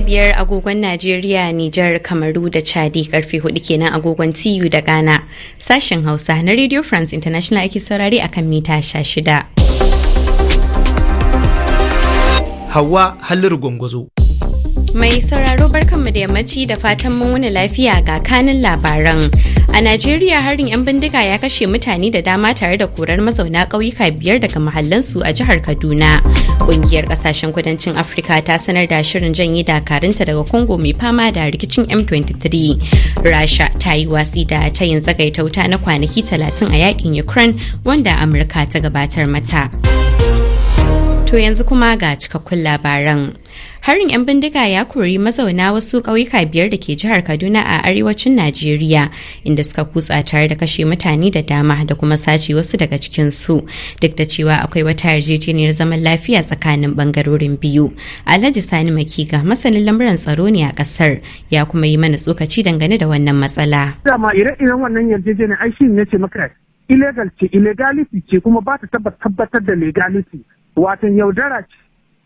karfe biyar agogon Najeriya, Nijar, Kamaru da Chadi karfe hudu kenan agogon TU da Ghana. Sashen Hausa na Radio France International ake saurari a kan mita sha shida. Hawa Halliru Gwangwazo. Mai sauraro barkanmu da yammaci da fatan mun wani lafiya ga kanin labaran. A Najeriya harin 'yan bindiga ya kashe mutane da dama tare da korar mazauna ƙauyuka biyar daga mahallansu a jihar Kaduna. Ƙungiyar ƙasashen kudancin Afirka ta sanar da shirin janye dakarunta daga Congo mai fama da rikicin M23. Rasha ta yi watsi da ta yin zagaita wuta na kwanaki talatin a yakin Ukraine wanda Amurka ta gabatar mata. To yanzu kuma ga cikakkun labaran. Harin 'yan bindiga ya kori mazauna wasu ƙauyuka biyar da ke jihar Kaduna a arewacin Najeriya inda suka kutsa tare da kashe mutane da dama da kuma sace wasu daga cikin su duk da cewa akwai wata yarjejeniyar zaman lafiya tsakanin bangarorin biyu. Alhaji Sani Makiga masanin lamuran tsaro ne a ƙasar ya kuma yi mana tsokaci dangane da wannan matsala. Dama ire-iren wannan yarjejeniyar ai shi ne ce maka illegal ce illegality ce kuma ba ta tabbatar da legality. wato yaudara ce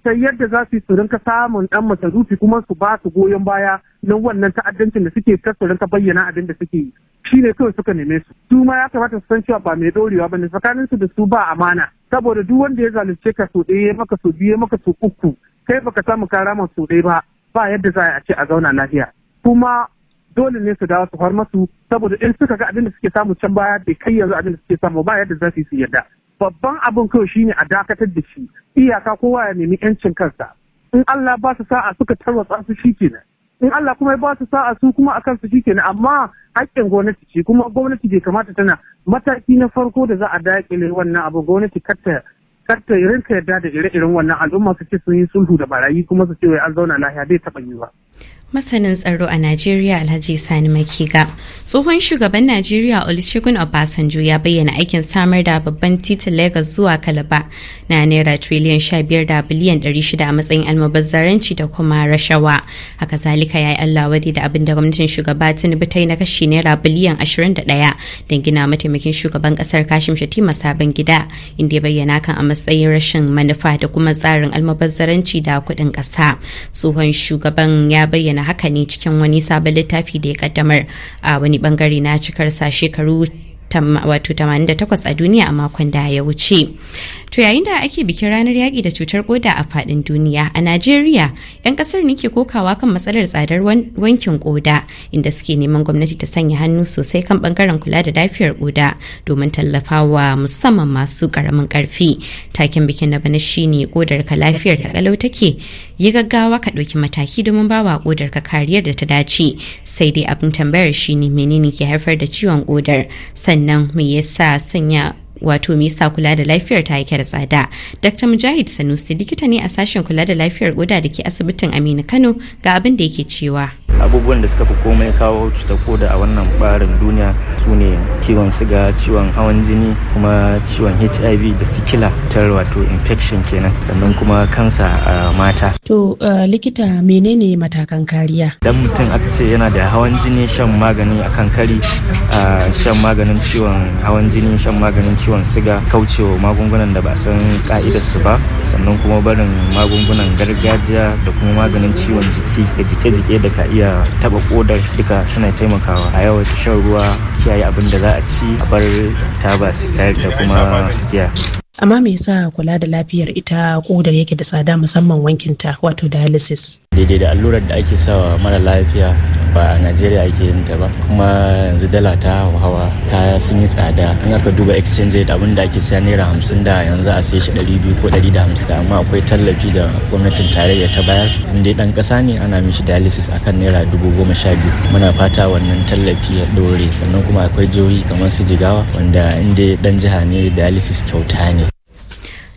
ta yadda za su yi tsoron rinka samun dan masarufi kuma su ba su goyon baya na wannan ta'addancin da suke kar su ka bayyana abin da suke yi shi ne kawai suka neme su su ma ya kamata su san cewa ba mai ɗorewa ba ne tsakaninsu da su ba amana saboda duk wanda ya zalunce ka so ɗaya maka so biyu maka so uku kai baka samu kara ma so ɗaya ba ba yadda za a ce a zauna lafiya kuma dole ne su dawo su har masu saboda in suka ga abin da suke samu can baya bai kai yanzu abin da suke samu ba yadda za su yi su yadda babban abin kawai shine a dakatar da shi iyaka kowa ya nemi yancin kansa in Allah ba su sa'a suka tarwatsa su shikenan in Allah kuma ba su sa'a su kuma akan su shikenan amma haƙƙin gwamnati ce kuma gwamnati bai kamata tana mataki na farko da za a daƙile wannan abu gwamnati karta karta rinka yarda da ire-iren wannan al'umma su ce sun yi sulhu da barayi kuma su ce wai an zauna lahiya bai taɓa yi ba Masanin tsaro a Najeriya Alhaji Sani Makiga. Tsohon shugaban Najeriya Olusegun Obasanjo ya bayyana aikin samar da babban titin Lagos zuwa Kalaba na naira triliyan sha biyar da biliyan 600 a matsayin almubazzaranci da kuma rashawa. A kazalika ya yi Allah wadi da abin da gwamnatin shugaba Tinubu ta yi na kashi naira biliyan ashirin da ɗaya don gina mataimakin shugaban ƙasar Kashim Shatima sabon gida inda ya bayyana kan a matsayin rashin manufa da kuma tsarin almubazzaranci da kuɗin ƙasa. Tsohon shugaban ya bayyana bayyana haka ne cikin wani sabon littafi da ya kaddamar a wani bangare na cikar sa shekaru wato 88 a duniya a makon da ya wuce. To yayin da ake bikin ranar yaƙi da cutar koda a faɗin duniya a Najeriya, 'yan ƙasar ne ke kokawa kan matsalar tsadar wankin ƙoda inda suke neman gwamnati ta sanya hannu sosai kan ɓangaren kula da lafiyar ƙoda domin tallafawa musamman masu ƙaramin ƙarfi. Taken bikin na bana shine kodar ka lafiyar ta ƙalau take yi gaggawa ka ɗauki mataki domin ba wa ƙodar ka kariyar da ta dace sai dai abin tambayar shine menene ke haifar da ciwon ƙodar sannan me yasa sanya wato mista kula da lafiyar ta yake da tsada dr mujahid sanusi likita ne a sashen kula da lafiyar koda da ke asibitin aminu kano ga abin da yake cewa abubuwan da suka fi komai kawo cuta koda a wannan barin duniya su ne ciwon siga ciwon hawan jini kuma ciwon hiv da sikila tar wato infection kenan sannan kuma kansa a mata to eh, likita menene matakan kariya dan mutum aka ce yana da hawan jini shan magani akan kari ah, shan maganin ciwon hawan jini shan maganin ciwon siga kaucewa magungunan da ba san ka'idar su ba sannan kuma barin magungunan gargajiya da kuma maganin ciwon jiki da jike-jike da ka iya taba kodar duka suna taimakawa a yawa shan ruwa kiyaye abin da za a ci a bar taba sigari da kuma giya amma me yasa kula da lafiyar ita kodar yake da tsada musamman wankinta wato dialysis daidai da allurar da ake sawa mara lafiya ba a najeriya ake yin ta ba kuma yanzu dala ta hawa kaya sun yi tsada An aka duba exchange rate abin da ake siya naira hamsin da yanzu a sai shi ɗari biyu ko ɗari da hamsin amma akwai tallafi da gwamnatin tarayya ta bayar inda ɗan ƙasa ne ana mishi dialysis akan naira dubu goma sha biyu muna fata wannan tallafi ya ɗore sannan kuma akwai jihohi kamar su jigawa wanda inda ɗan jiha ne dialysis kyauta ne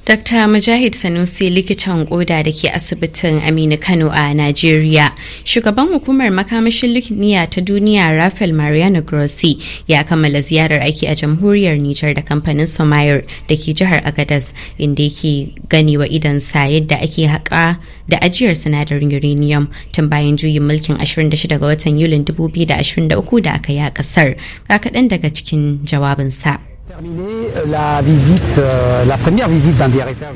Dr. Mujahid Sanusi likitan koda da ke asibitin Aminu Kano a Najeriya. Shugaban hukumar makamashin likniya ta duniya Rafael Mariano Grossi ya kammala ziyarar aiki a jamhuriyar Nijar da kamfanin Somayar da ke jihar Agadas inda yake gani wa sa yadda ake haƙa da ajiyar sinadarin uranium tun bayan juyin mulkin 26 ga watan Yulin 2023 da aka yi a ƙasar. Ga kaɗan daga cikin jawabinsa. Euh, euh,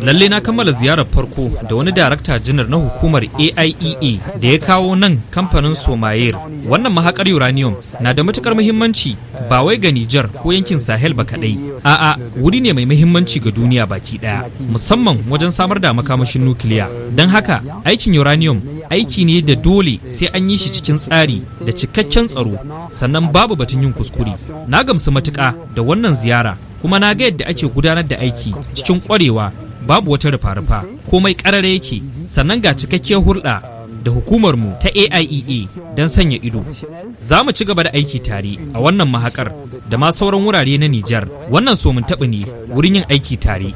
Lalle na kammala ziyarar farko da wani darakta janar na hukumar AIEA e e da ya kawo nan kamfanin Somayir. Wannan mahakar uranium na da matukar muhimmanci ba wai ga Nijar ko yankin Sahel ba kaɗai. A'a, wuri ne mai muhimmanci ga duniya baki ɗaya, musamman wajen samar da makamashin nukiliya. Don haka, aikin uranium aiki ne da dole sai an yi shi cikin tsari da cikakken tsaro, sannan babu batun yin kuskure. Na gamsu matuƙa da wannan ziyara kuma na ga yadda ake gudanar da aiki cikin kwarewa babu wata rufa-rufa komai karare yake sannan ga cikakkiyar hulɗa da hukumarmu ta AIEA e don sanya ido. Za mu ci gaba da aiki tare a wannan mahakar da ma sauran wurare na Nijar wannan so mun taɓa ne wurin yin aiki tare.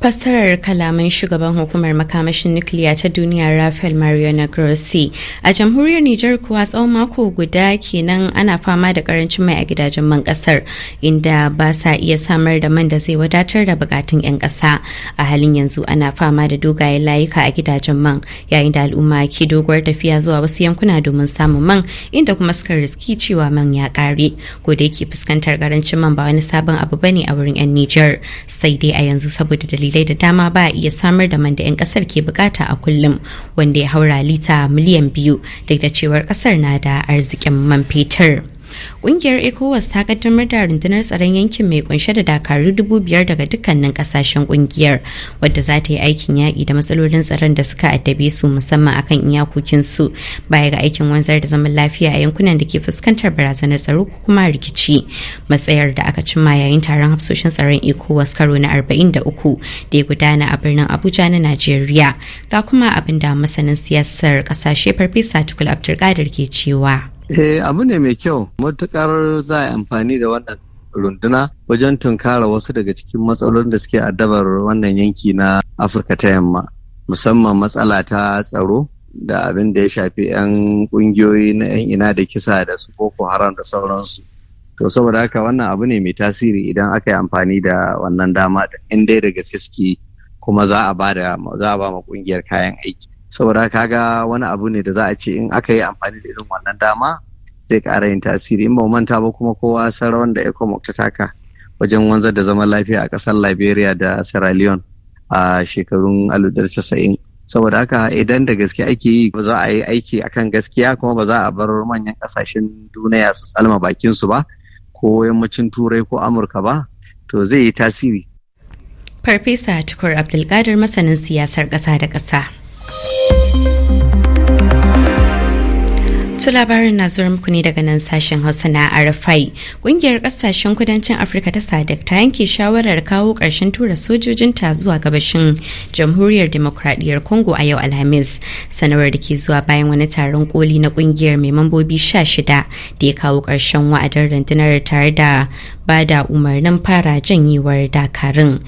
Fassarar kalaman shugaban hukumar makamashin nukiliya ta duniya Rafael mariana Grossi a jamhuriyar Nijar kuwa tsawon mako guda kenan ana fama da karancin mai a gidajen man kasar inda ba sa iya samar da man da zai wadatar da bukatun 'yan kasa a halin yanzu ana fama da dogayen layuka a gidajen man yayin da al'umma ke doguwar tafiya zuwa wasu yankuna domin samun man inda kuma suka riski cewa man ya kare ko da yake fuskantar karancin man ba wani sabon abu bane a wurin 'yan Nijar sai dai a yanzu saboda dalilin dalilai da dama ba a iya samar da man da 'yan kasar ke bukata a kullum wanda ya haura lita miliyan biyu duk da cewar kasar na da arzikin man fetur. Ƙungiyar ECOWAS ta kaddamar da rundunar tsaron yankin mai kunshe da dakaru dubu biyar daga dukkanin kasashen ƙungiyar wadda za ta yi aikin yaƙi da matsalolin tsaron da suka addabe su musamman akan iyakokin su baya ga aikin wanzar da zaman lafiya a yankunan da ke fuskantar barazanar tsaro ko kuma rikici. Matsayar da aka cimma yayin taron hafsoshin tsaron ECOWAS karo na arba'in da uku ya gudana a birnin Abuja na Najeriya. Ga kuma abin da masanin siyasar kasashe Farfesa Tukul Abdulkadir ke cewa. Eh abu ne mai kyau matukar za a amfani da wannan runduna wajen tunkara wasu daga cikin matsalolin da suke addabar wannan yanki na Afirka ta yamma musamman matsala ta tsaro da abin da ya shafi 'yan kungiyoyi na 'yan ina da kisa da su boko haram da sauransu to saboda haka wannan abu ne mai tasiri idan aka yi amfani da wannan dama da inda dai da gaske suke kuma za a ba ma kungiyar kayan aiki saboda kaga wani abu ne da za a ce in aka yi amfani da irin wannan dama zai ƙara yin tasiri in ba manta ba kuma kowa sarawan da ecomog ta taka wajen wanzar da zaman lafiya a ƙasar liberia da sierra leone a shekarun 1990 saboda haka idan da gaske ake yi ba za a yi aiki akan gaskiya kuma ba za a bar manyan kasashen duniya su tsalma bakin su ba ko yammacin turai ko amurka ba to zai yi tasiri farfesa tukur abdulkadir masanin siyasar kasa da kasa. su labarin na zuwa muku ne daga nan sashen Hausa na Arafai. ƙungiyar ƙasashen kudancin Afirka ta SADC ta yanke shawarar kawo ƙarshen tura sojojinta zuwa gabashin Jamhuriyar Demokradiyyar Congo a yau Alhamis. Sanarwar da ke zuwa bayan wani taron koli na ƙungiyar mai mambobi sha shida da ya kawo ƙarshen wa'adar rundunar tare da bada umarnin fara janyewar dakarun.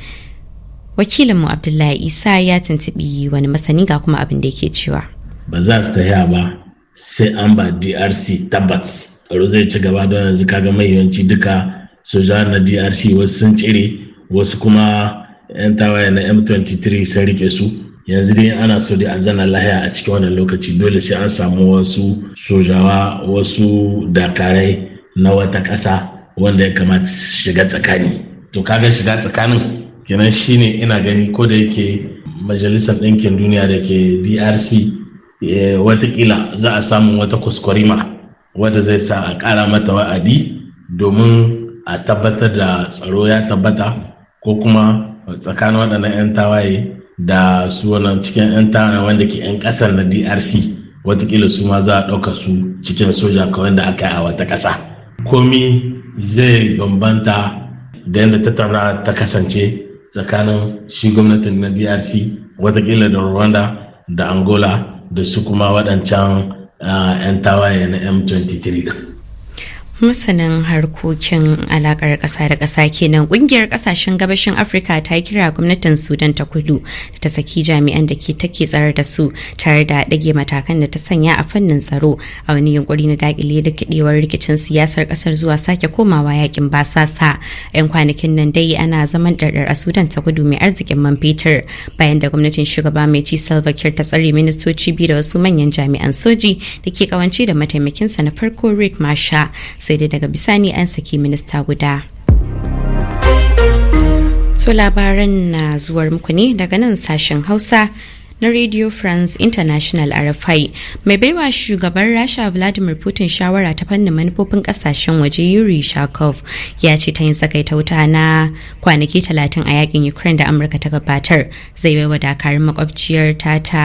wakilinmu abdullahi isa ya tuntubi wani masani ga kuma abin da yake cewa ba za su ta ba sai an ba drc tabbas tsaro zai ci gaba don yanzu kaga mai yawanci duka soja na drc wasu sun cire wasu kuma yan tawaye na m23 sun rike su yanzu dai ana so dai an zana lahiya a cikin wannan lokaci dole sai an samu wasu sojawa wasu dakarai na wata ƙasa wanda ya kamata shiga tsakani to kaga shiga tsakanin kenan shine ina gani ko da yake majalisar ɗinkin duniya da ke drc eh, watakila za a samu wata kuskurima wadda zai sa a ƙara mata wa'adi domin a tabbatar da tsaro ya tabbata ko kuma tsakanin waɗannan 'yan tawaye da su wannan cikin 'yan tawaye wanda ke 'yan ƙasar na drc watakila su ma za a ɗauka su cikin soja kawai da aka yi a wata ƙasa komi zai bambanta da yadda tattaunawa ta kasance tsakanin shi gwamnatin na drc watakila da rwanda da angola da su kuma waɗancan ah, 'yan tawaye na m23 masanin harkokin alakar ƙasa da kasa kenan ƙungiyar ƙasashen gabashin afirka ta kira gwamnatin sudan ta kudu da ta saki jami'an da ke take tsarar da su tare da ɗage matakan da ta sanya a fannin tsaro a wani yunkuri na dakile da kiɗewar rikicin siyasar ƙasar zuwa sake komawa yakin basasa yan kwanakin nan dai ana zaman ɗarɗar a sudan ta kudu mai arzikin man fetur bayan da gwamnatin shugaba mai ci salva kir ta tsare ministoci biyu da wasu manyan jami'an soji da ke kawance da mataimakinsa na farko rick masha sai dai daga bisani an saki minista guda to labaran na zuwar muku ne daga nan sashen hausa na Radio France International RFI mai baiwa shugaban Rasha Vladimir Putin shawara ta fannin manufofin kasashen waje Yuri Shakov ya ce ta yin tsakaita wuta na kwanaki talatin a yakin Ukraine da Amurka ta gabatar zai baiwa dakarun makwabciyar ta ta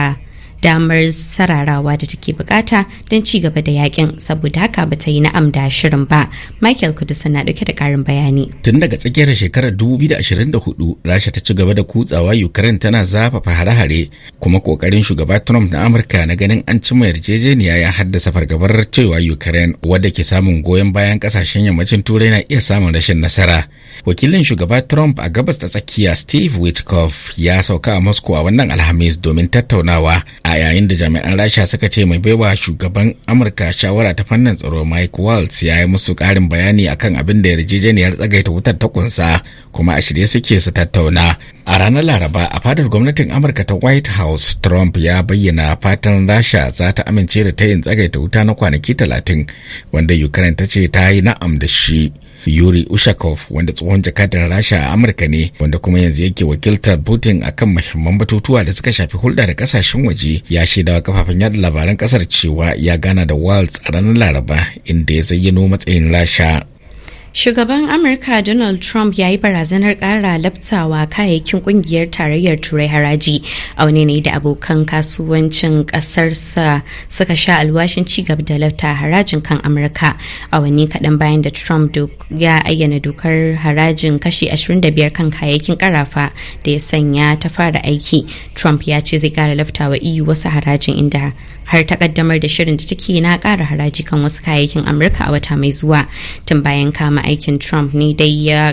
damar sararawa da take bukata don ci gaba da yakin saboda haka ba ta yi na'am da shirin ba michael kudusa na dauke da karin bayani tun daga tsakiyar shekarar 2024 rasha ta ci gaba da kutsawa ukraine tana zafafa hare-hare kuma kokarin shugaba trump na amurka na ganin an cimma yarjejeniya ya haddasa fargabar cewa ukraine wadda ke samun goyon bayan kasashen yammacin turai na iya samun rashin nasara wakilin shugaba trump a gabas ta tsakiya steve witkoff ya sauka a moscow a wannan alhamis domin tattaunawa a yayin da jami'an rasha suka ce mai baiwa shugaban amurka shawara ta fannin tsaro mike waltz ya yi musu karin bayani akan abin da yarjejeniyar tsagaita wutar ta kunsa kuma a shirye suke su tattauna a ranar laraba a fadar gwamnatin amurka ta white house trump ya bayyana fatan rasha za ta amince da ta yin tsagaita wuta na kwanaki talatin wanda ukraine ta ce ta yi na'am da shi yuri ushakov wanda tsohon jakadan rasha a amurka ne wanda kuma yanzu yake wakiltar putin kan mahimman batutuwa da suka shafi hulɗa da kasashen waje ya shaidawa kafafen yada labaran kasar cewa ya gana da waltz a ranar laraba inda ya zayyano matsayin rasha Shugaban Amurka Donald Trump ya yi barazanar ƙara laftawa kayayyakin ƙungiyar tarayyar Turai haraji a wani ne da abokan kasuwancin ƙasarsa suka sha alwashin cigaba da lafta harajin kan Amurka a wani kaɗan bayan da Trump ya ayyana dokar harajin kashi 25 kan kayayyakin ƙarafa da ya sanya ta fara aiki. Trump ya ce zai kara laftawa EU wasu harajin inda har ta kaddamar da shirin da take na ƙara haraji kan wasu kayayyakin amurka a wata mai zuwa tun bayan kama aikin trump ne dai ya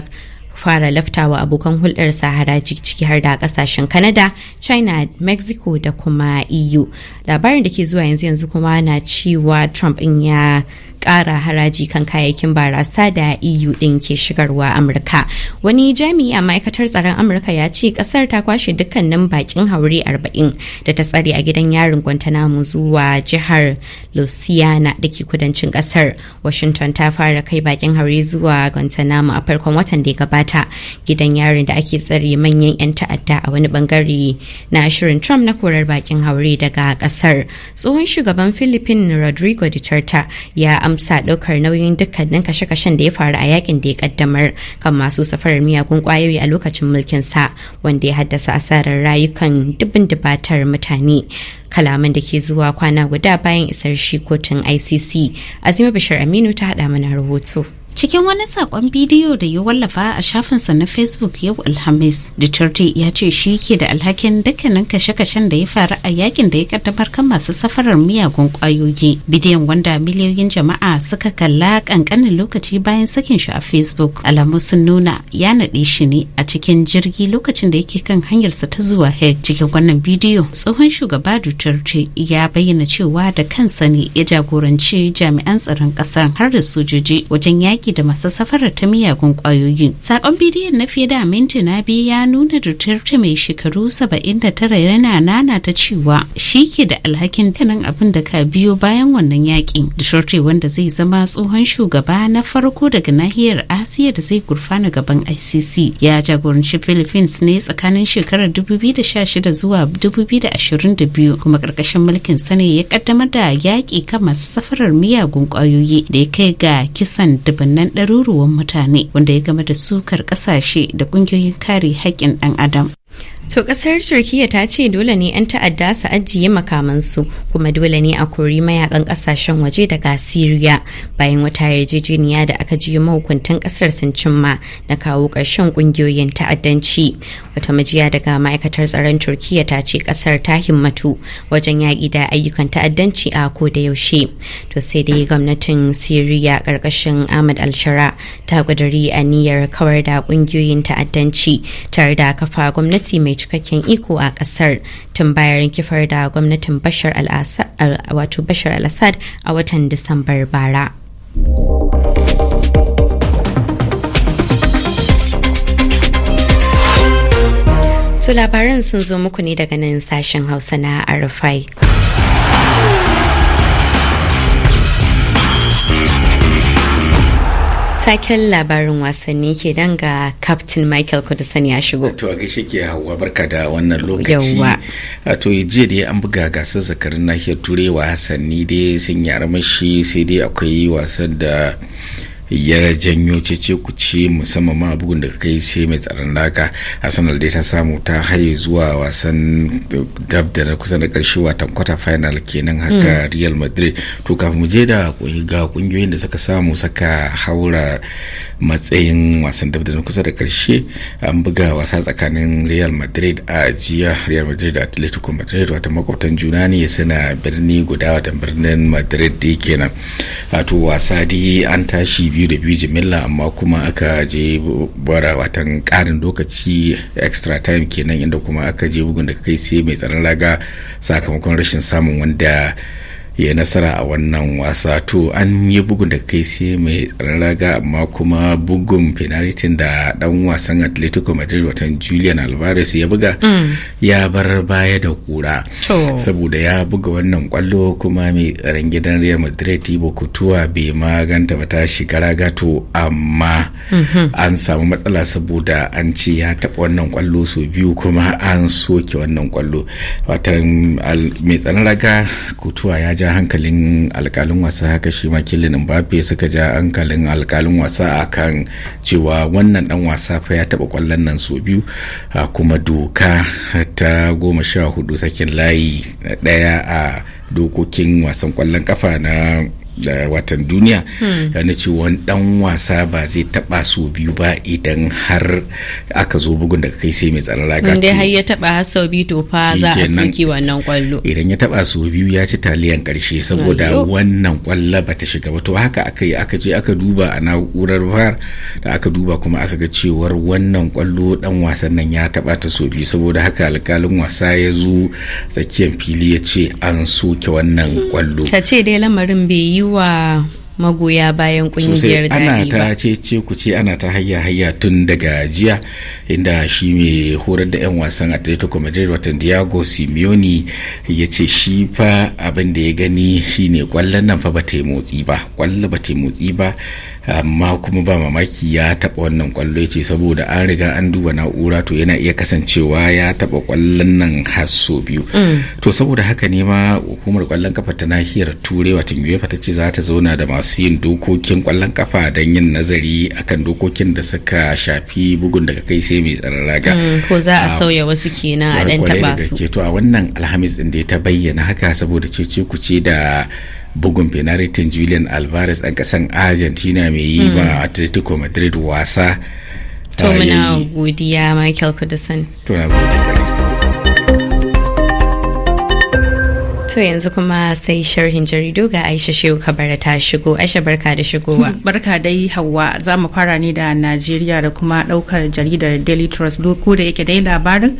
fara laftawa abokan hulɗar sa haraji ciki har da ƙasashen Canada, China, Mexico da kuma EU. Labarin da ke zuwa yanzu yanzu kuma na cewa Trump in ya ƙara haraji kan kayayyakin barasa da EU ɗin ke shigarwa Amurka. Wani jami'i a ma'aikatar tsaron Amurka ya ce ƙasar ta kwashe dukkanin bakin haure 40 da ta tsare a gidan yarin Guantanamo zuwa jihar Louisiana da ke kudancin ƙasar. Washington ta fara kai bakin haure zuwa Guantanamo a farkon watan da ya gabata. Gidan yarin da ake tsare manyan 'yan ta'adda a wani bangare na shirin Trump na korar bakin haure daga ƙasar. Tsohon shugaban Philippines Rodrigo Duterte ya amsa ɗaukar nauyin dukkanin kashe-kashen da ya faru a yakin da ya kaddamar kan masu safarar miyagun kwayoyi a lokacin mulkin sa wanda ya haddasa asarar rayukan dubin dubatar mutane kalaman da ke zuwa kwana guda bayan isar shi kotun icc azima bashir aminu ta haɗa mana rahoto. cikin wani sakon bidiyo da ya wallafa a shafinsa na facebook yau alhamis duterte ya ce shi ke da alhakin dukkanin kashe-kashen da ya faru a yakin da ya kaddamar kan masu safarar miyagun kwayoyi bidiyon wanda miliyoyin jama'a suka kalla kankanin lokaci bayan sakin shi a facebook alamu sun nuna ya naɗe shi ne a cikin jirgi lokacin da yake kan hanyarsa ta zuwa hague cikin wannan bidiyo tsohon shugaba duterte ya bayyana cewa da kansa ne ya jagoranci jami'an tsaron ƙasar har da sojoji wajen yaki aiki da masu safarar ta miyagun kwayoyin. Sakon bidiyon na fiye da mintuna biyu ya nuna Duterte mai shekaru tara yana nana ta cewa shi ke da alhakin tanin abin da ka biyo bayan wannan yakin. Duterte wanda zai zama tsohon shugaba na farko daga nahiyar Asiya da zai gurfana gaban ICC ya jagoranci Philippines ne tsakanin shekarar 2016 zuwa 2022 kuma karkashin mulkin sani ya ƙaddamar da yaki kan masu safarar miyagun kwayoyi da ya kai ga kisan dubin waɗannan ɗaruruwan mutane wanda ya game da sukar ƙasashe da ƙungiyoyin kare haƙƙin ɗan adam To kasar Turkiyya ta ce dole ne 'yan ta'adda su ajiye makamansu kuma dole ne a kori mayakan kasashen waje daga Siriya bayan wata yarjejeniya da aka ji mahukuntan kasar sun cimma na kawo ƙarshen ƙungiyoyin ta'addanci. Wata majiya daga ma'aikatar tsaron Turkiyya ta ce kasar ta himmatu wajen yaƙi da ayyukan ta'addanci a ko da yaushe. To sai dai gwamnatin Siriya ƙarƙashin Ahmad alshara ta ƙuduri aniyar kawar da ƙungiyoyin ta'addanci tare da kafa gwamnati mai mai cikakken iko a kasar tun bayan kifar da gwamnatin bashar al-assad a watan disambar bara. su labaran sun zo muku ne daga nan sashen Hausa na Arafai. Taken labarin wasanni ke dan ga Captain Michael Kudusan ya shigo. To a gaishe ke hawa barka da wannan lokaci. To jiya dai an buga gasar zakarin nahiyar turewa wasanni dai sun yi armashi sai dai akwai wasan da ya janyo cece ku ce musamman ma bugun da kai sai mai tsaron naka arsenal dai ta samu ta haye zuwa wasan dab da na kusa na karshe watan kwata final kenan haka hmm. real madrid to kafin mu je da ga kungiyoyin da suka samu saka haura matsayin wasan da na kusa da karshe an buga wasa tsakanin real madrid a jiya real madrid da atletico madrid wata makwabtan juna ne suna birni guda wata birnin madrid da kenan wato wasa dai an tashi biyu da biyu jimilla amma kuma aka je bara watan karin lokaci extra time kenan inda kuma aka je bugun da kai sai mai tsaron raga sakamakon rashin samun wanda ya nasara a wannan wasa to an yi bugun da kai sai mai tsaron raga amma kuma bugun penaltin da dan wasan atletico madrid watan julian alvarez ya buga mm. ya bar baya da kura saboda ya buga wannan kwallo kuma mai tsaron gidan real madrid tibo kutuwa bai maganta ba ta shiga raga to amma mm-hmm. an samu matsala saboda an ce ya taba wannan kwallo sau biyu kuma an soke wannan kwallo watan mai tsaron raga kutuwa ya ja hankalin alkalin wasa haka shi ma kilin mbappe suka ja hankalin alkalin wasa akan cewa wannan dan wasa fa ya taba kwallon nan so biyu kuma doka ta goma sha hudu sakin layi daya a dokokin wasan kwallon kafa na da watan duniya hmm. na ce wani dan wasa ba zai taba so biyu ba idan har aka zo bugun daga kai sai mai tsaron raga inda har ya taba har biyu to fa za a soki wannan kwallo idan ya taba so biyu ya ci taliyan karshe saboda wannan kwallo ba ta shiga ba to haka aka yi aka je aka duba a na'urar var da aka duba kuma aka ga cewar wannan kwallo dan wasan nan ya taba ta so biyu saboda haka alkalin wasa ya zo tsakiyar fili ya ce an soke wannan kwallo ta ce dai lamarin bai yi yi magoya bayan kungiyar ana ta ce ce ku ce ana ta hayya hayya tun daga jiya inda shi mai horar da 'yan wasan atletico madrid watan diago simeone ya ce shi fa abin da ya gani shine kwallon nan fa ba ta yi motsi ba kwallo ba yi motsi ba amma kuma ba mamaki ya taba wannan kwallo ya ce saboda an riga an duba na'ura to yana iya kasancewa ya taɓa kwallon nan har biyu mm. to saboda haka ne ma hukumar kwallon kafa ta nahiyar turai watan uefa ta ce za ta zauna da masu yin dokokin kwallon kafa don yin nazari akan dokokin da suka shafi bugun daga kai sai mai tsararraga mm, ko za a ah, sauya wasu kenan a dan taɓa su to a wannan alhamis ɗin da ya ta bayyana haka saboda ce ce ku ce da bugun fenaritin julian alvarez an kasan argentina mai yi ba a hmm. atletico madrid wasa to muna godiya michael kudusan to yanzu kuma sai sharhin jaridu ga Aisha Shehu Kabara ta shigo. Aisha barka da shigowa. Hmm, barka dai Hauwa za mu fara ne da Najeriya da kuma ɗaukar jaridar Daily Trust ko da yake dai labarin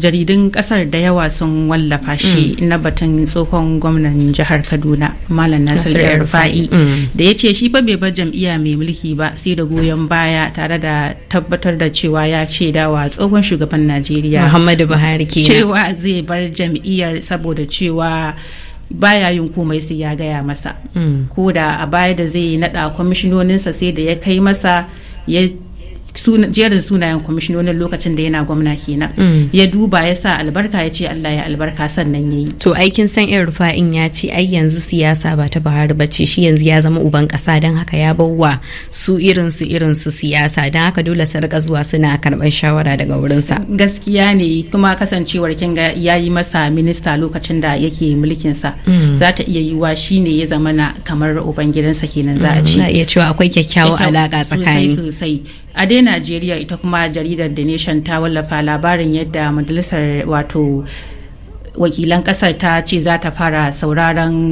jaridun kasar da yawa sun wallafa shi mm. na batun tsohon gwamnan jihar kaduna malam nasir rufa'i mm. da ya ce shi fa bai bar jam'iyya mai mulki ba sai da goyon baya tare da tabbatar da cewa ya ce dawa tsohon shugaban najeriya muhammadu buhari cewa zai bar jam'iyyar saboda cewa baya yin komai sai ya gaya masa mm. ko da a baya da zai naɗa kwamishinoninsa sai da ya kai masa ya jiyar da sunayen kwamishinonin lokacin da yana gwamna kenan mm. ya duba ya sa albarka ya ce Allah ya albarka sannan ya yi to aikin san irin rufa'in ya ce ai yanzu siyasa ba ta Buhari ba ce shi yanzu ya zama uban kasa don haka ya bawa su irin su irin su siyasa don haka dole su rika zuwa suna karban shawara daga wurin sa gaskiya ne kuma kasancewar kin ga yayi masa minista lokacin da yake mulkin sa mm. za ta iya yiwa shine ya zama na kamar uban gidansa kenan za a mm, ce iya cewa akwai kyakkyawar alaka tsakani sosai a najeriya ita kuma jaridar the nation ta wallafa labarin yadda majalisar wato wakilan kasar ta ce za ta fara sauraron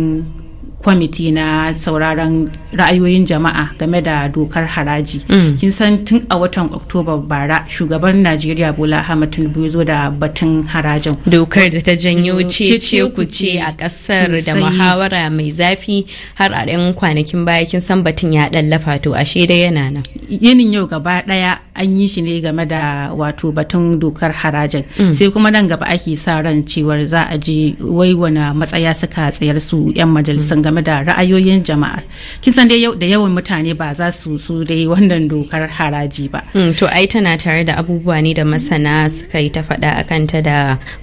kwamiti na sauraron ra'ayoyin jama'a game da dokar haraji mm. kin san tun a watan oktoba bara shugaban najeriya bola ahmad tinubu zo da batun harajin dokar da ta janyo cece ku ce a kasar da muhawara mai zafi har a 'yan kwanakin baya kin san batun ya dan lafato to ashe dai yana nan yinin yau gaba daya an yi shi ne game da wato batun dokar harajin mm. sai kuma nan gaba ake sa ran cewar za a ji waiwana matsaya suka tsayar su 'yan majalisun mm. game da ra'ayoyin jama'a kin san dai da yawan mutane ba za su su dai wannan dokar haraji ba mm, to ai tana tare da abubuwa ne da masana suka yi ta faɗa a kanta da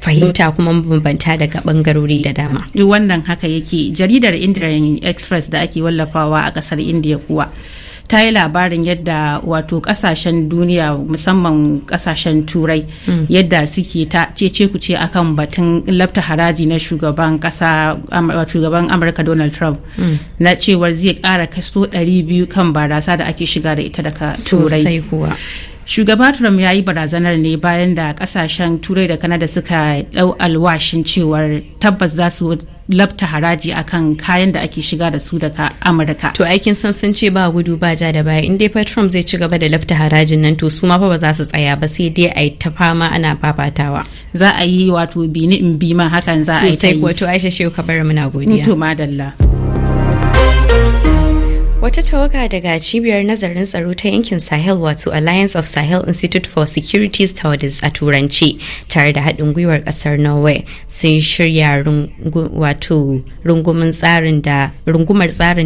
fahimta kuma mabambanta daga bangarori da dama wannan haka yake jaridar indian express da ake wallafawa a kasar indiya kuwa ta yi labarin yadda wato kasashen duniya musamman kasashen turai mm. yadda suke ta cece ku ce akan batun lafta haraji na shugaban kasa shugaban amurka donald trump mm. na cewar zai kara kaso 200 kan barasa da ake shiga da ita daga turai shugaba trump ya yi barazanar ne bayan da kasashen turai da kanada suka dau alwashin cewar tabbas za su labta haraji akan kayan da ake shiga da su daga amurka to aikin san sun ce ba gudu ba ja da baya inda dai trump zai ci gaba da labta harajin nan to su ma fa ba za su tsaya ba sai dai a yi ta fama ana fafatawa za a yi wato bini in bi ma hakan za a yi sosai aisha shehu ka bar muna godiya to madalla Wata tawaga daga cibiyar nazarin tsaro ta yankin Sahel wato Alliance of Sahel Institute for Security Studies a Turanci tare da haɗin gwiwar ƙasar Norway sun shirya wato rungumar tsarin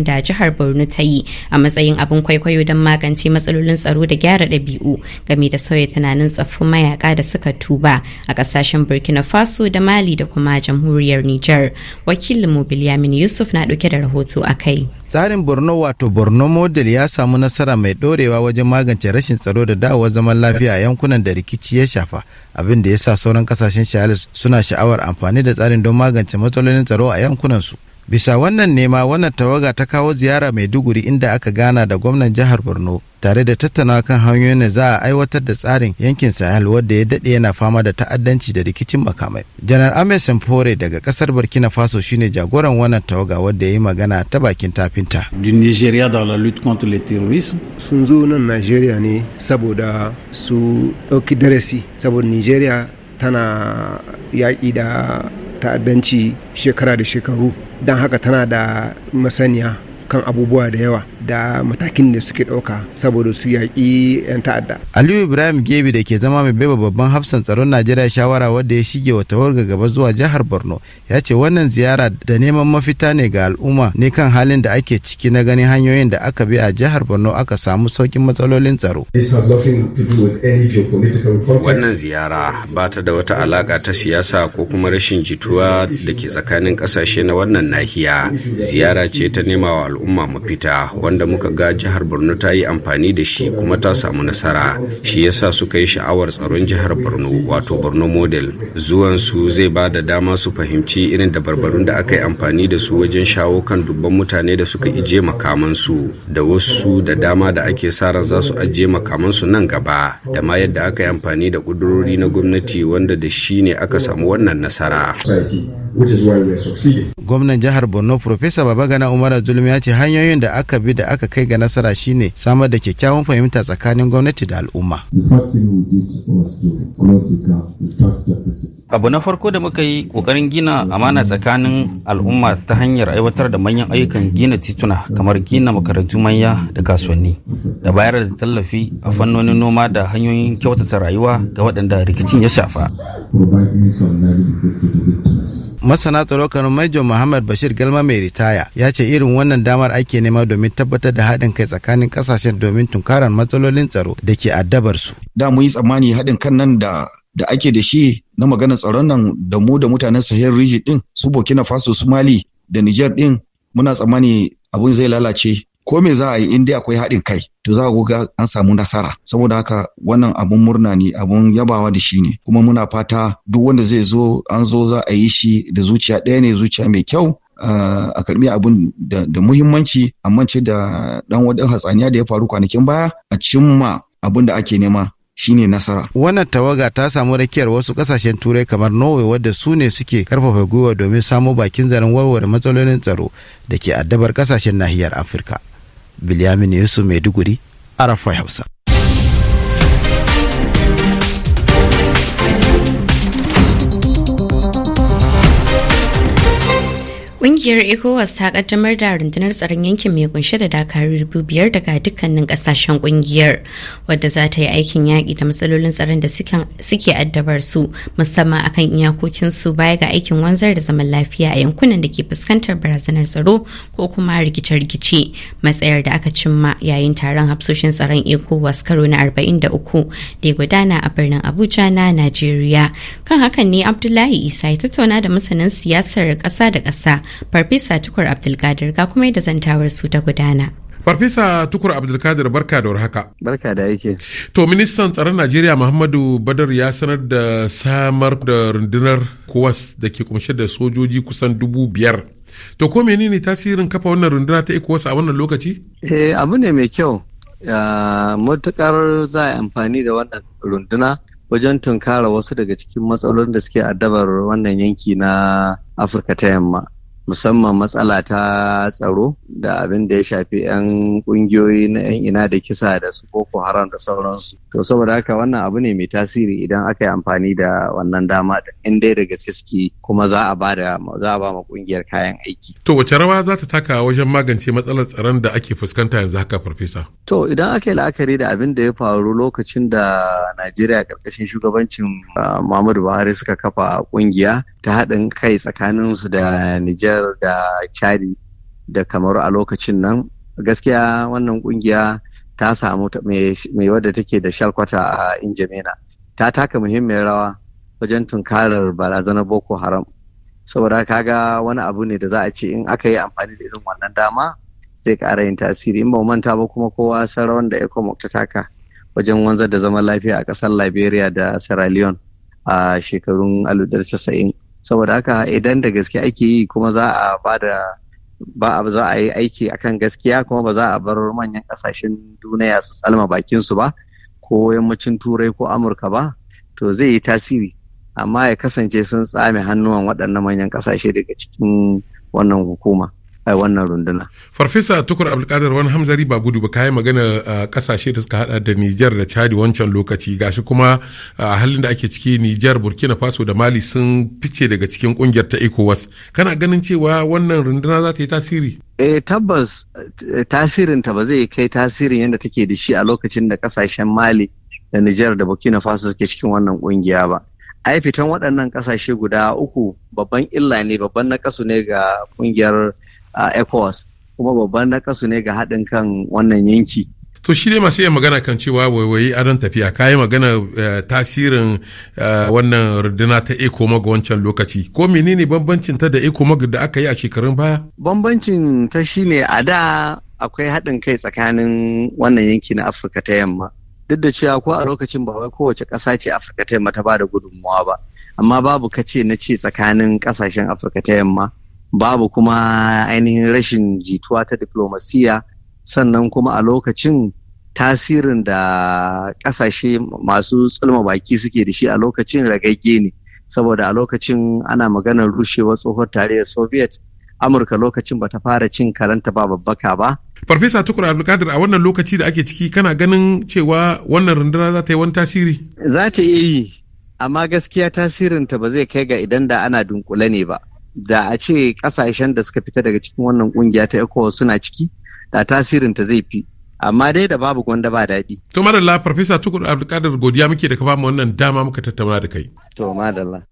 da jihar Borno ta yi a matsayin abin kwaikwayo don magance matsalolin tsaro da gyara ɗabi'u game da sauya tunanin tsaffin mayaka da suka tuba a ƙasashen Burkina Faso da Mali da kuma jamhuriyar Nijar. Wakilin Bilyamin Yusuf na ɗauke da rahoto a kai. tsarin borno wato borno model ya samu nasara mai dorewa wajen magance rashin tsaro da dawowa zaman lafiya a yankunan da rikici ya shafa abin da ya sa sauran kasashen suna sha'awar amfani da tsarin don magance matsalolin tsaro a yankunansu. su bisa wannan nema wannan tawaga ta kawo ziyara mai duguri inda aka gana da gwamnan jihar borno tare da tattauna kan hanyoyin da za a aiwatar da tsarin yankin sahel wadda ya daɗe yana fama da ta'addanci da rikicin makamai janar ahmed samfore daga kasar burkina faso shine jagoran wannan tawaga wadda ya yi magana ta bakin tafinta nigeria da la lutte contre le terrorisme sun zo nan nigeria ne saboda su ɗauki darasi saboda nigeria tana yaƙi da ta'addanci shekara da shekaru don haka tana da masaniya kan abubuwa da yawa da matakin ne suke ɗauka saboda su yaƙi 'yan ta'adda. Aliyu Ibrahim Gebi da ke zama mai baiwa babban hafsan tsaron Najeriya shawara wadda ya shige wa tawar gaba zuwa jihar Borno ya ce wannan ziyara da neman mafita ne ga al'umma ne kan halin da ake ciki na ganin hanyoyin da aka bi a jihar Borno aka samu saukin matsalolin tsaro. Wannan ziyara ba ta da wata alaƙa ta siyasa ko kuma rashin jituwa da ke tsakanin ƙasashe na wannan nahiya ziyara ce ta nema wa al'umma mafita wanda muka ga jihar borno ta yi amfani da shi kuma ta samu nasara shi yasa suka yi sha'awar tsaron jihar borno wato borno model zuwan su zai ba da dama su fahimci irin dabarbarun da aka yi amfani da su wajen shawo kan dubban mutane da suka ije makamansu da wasu da dama da ake sa ran za su ajiye makamansu nan gaba da ma yadda aka yi amfani da kudurori na gwamnati wanda da shi ne aka samu wannan nasara gwamnan jihar borno profesa babagana umar zulmi ya ce hanyoyin da aka bi da aka kai ga nasara shine samar da kyakkyawan fahimta tsakanin gwamnati da al'umma. The first thing we did was to close the gap, the tax deficit. abu na farko da muka yi kokarin gina amana tsakanin al'umma ta hanyar aiwatar da manyan ayyukan gina tituna kamar gina makarantu manya da kasuwanni da bayar da tallafi a fannonin noma da hanyoyin kyautata rayuwa ga waɗanda rikicin ya shafa masana tsaro kano maijo muhammad bashir galma mai ritaya ya ce irin wannan damar ake nema domin tabbatar da haɗin kai tsakanin kasashen domin tunkarar matsalolin tsaro da ke addabar su da mun yi tsammani haɗin kan nan da da ake da shi na maganar tsaron nan da mu da mutanen sahel riji din su burkina faso su mali da niger din muna tsammani abin zai lalace ko me za a yi in dai akwai haɗin kai to za ga an samu nasara saboda haka wannan abun murna ne abun yabawa da shi ne kuma muna fata duk wanda zai zo an zo za a yi shi da zuciya ɗaya ne zuciya mai kyau ah, a karbi abun da muhimmanci amma ce da ɗan wadin hatsaniya da ya faru kwanakin baya a cimma abun da ake nema shine nasara. Wannan tawaga ta samu rakiyar wasu kasashen turai kamar Norway wadda su ne suke karfafa gwiwa domin samo bakin zaren warware matsalolin tsaro da ke addabar kasashen nahiyar Afirka. Bilyamin Yusuf Maiduguri, Arafai Hausa. Ƙungiyar ECOWAS ta kaddamar da rundunar tsaron yankin mai kunshe da dakarun dubu biyar daga dukkanin ƙasashen ƙungiyar wadda za ta yi aikin yaƙi da matsalolin tsaron da suke addabar su musamman akan iyakokin su baya ga aikin wanzar da zaman lafiya a yankunan da ke fuskantar barazanar tsaro ko kuma rikice-rikice matsayar da aka cimma yayin taron hafsoshin tsaron ECOWAS karo na 43 da ya gudana a birnin Abuja na Najeriya. Kan hakan ne Abdullahi Isa ya tattauna da masanin siyasar ƙasa da ƙasa Farfesa Tukur Abdulkadir ga kuma yadda zantawar su ta gudana. Farfisa Tukur Abdulkadir barka da warhaka. Barka da yake. To ministan tsaron Najeriya Muhammadu Badar ya sanar da samar da rundunar kowas da ke kumshe da sojoji kusan dubu biyar. To ko menene tasirin kafa wannan runduna ta ECOWAS a wannan lokaci? Eh abu ne mai kyau. matukar za a amfani da wannan runduna wajen tunkara wasu daga cikin matsalolin da suke addabar wannan yanki na Afirka ta yamma. musamman matsala ta tsaro da abin da ya shafi 'yan kungiyoyi na 'yan ina da kisa da su boko haram da sauransu to saboda haka wannan abu ne mai tasiri idan aka yi amfani da wannan dama da in dai da gaske suke kuma za a ba ma kungiyar kayan aiki to wace rawa za ta taka wajen magance matsalar tsaron da ake fuskanta yanzu haka farfesa to idan aka yi la'akari da abin da ya faru lokacin da najeriya karkashin shugabancin ah, muhammadu buhari suka kafa kungiya ta haɗin kai tsakaninsu da Nijar da Chadi da Kamaru a lokacin nan. Gaskiya wannan ƙungiya ta samu mai wadda take da shalkwata a Injamena. Ta taka muhimmiyar rawa wajen tunkarar barazanar Boko Haram. Saboda kaga wani abu ne da za a ce in aka yi amfani da irin wannan dama zai ƙara yin tasiri. In ba manta ba kuma kowa san da ECOMOC ta taka wajen wanzar da zaman lafiya a ƙasar Liberia da Sierra Leone a shekarun 1990. saboda haka idan da gaske ake yi kuma za a ba da za a yi aiki akan gaskiya kuma ba za a bar manyan kasashen duniya su tsalma bakin su ba ko yammacin turai ko amurka ba to zai yi tasiri amma ya kasance sun tsame hannuwan waɗannan manyan kasashe daga cikin wannan hukuma a wannan runduna. Farfesa Tukur Abdulkadir wani Hamzari ba gudu ba ka yi magana a kasashe da suka hada da Nijar da Chadi wancan lokaci gashi kuma a halin da ake ciki Nijar Burkina Faso da Mali sun fice daga cikin kungiyar ta ECOWAS. Kana ganin cewa wannan runduna za ta yi tasiri? Eh tabbas eh, tasirinta ba zai kai tasirin yadda take da shi a lokacin da kasashen Mali da Nijar da Burkina Faso suke cikin wannan kungiya ba. Ai fitan waɗannan kasashe guda uku babban illa ne babban nakasu ne ga kungiyar a ECOWAS kuma babban nakasu ne ga haɗin kan wannan yanki. To shi dai masu iya magana kan cewa waiwayi adon tafiya Ka yi magana eh, tasirin eh, wannan runduna ta eco wancan lokaci. Ko menene bambancin ta da ECOMA da aka yi a shekarun baya? Bambancin ta ne a da akwai haɗin kai tsakanin wannan yanki na Afirka ta yamma. Duk da cewa ko a lokacin ba wai kowace ƙasa ce Afirka ta yamma ta ba da gudunmawa ba. Amma babu kace na ce tsakanin ƙasashen Afirka ta yamma. babu kuma ainihin rashin jituwa ta diplomasiya sannan kuma a lokacin tasirin da kasashe masu tsulma baki suke da shi a lokacin ragagge ne saboda a lokacin ana maganar rushewar tsohon tarayyar soviet amurka lokacin bata fara cin karanta ba babbaka ba farfesa tukur alkadar a wannan lokaci da ake ciki kana ganin cewa wannan rundunar za ta yi wani tasiri za ta iya yi amma gaskiya tasirinta ba zai kai ga idan da ana dunkule ne ba da a ce kasashen da suka fita daga cikin wannan kungiya ta ECOWAS suna ciki da tasirin ta zai fi amma dai da babu gwanda ba daɗi. To madalla Farfesa Tukur Abdulkadir godiya muke da ka bamu wannan dama muka tattauna da kai. To madalla.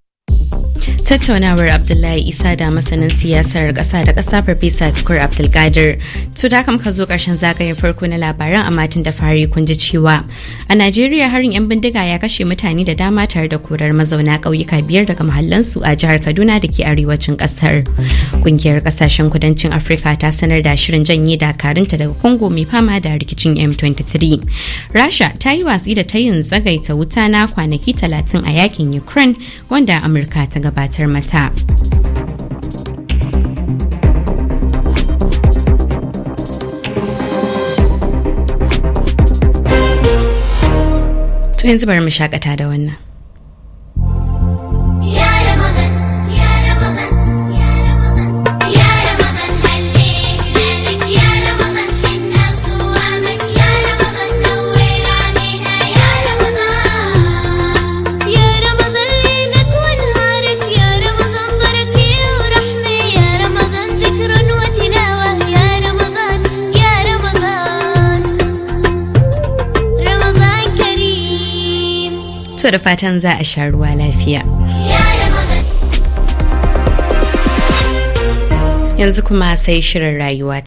tattaunawar abdullahi isa da masanin siyasar ƙasa da ƙasa farfesa tukur abdulkadir to da kam ka zo karshen zagayen farko na labaran a matin da fari kun ji cewa a najeriya harin yan bindiga ya kashe mutane da dama tare da korar mazauna ƙauyuka biyar daga mahallansu a jihar kaduna da ke arewacin kasar ƙungiyar ƙasashen kudancin afirka ta sanar da shirin janye dakarunta daga congo mai fama da rikicin m23 rasha ta yi watsi da ta yin tsagaita wuta na kwanaki talatin a yakin ukraine wanda amurka ta gabata gabatar mata. To yanzu bari mu shakata da wannan. To da fatan za a sha ruwa lafiya. Yanzu kuma sai shirin rayuwa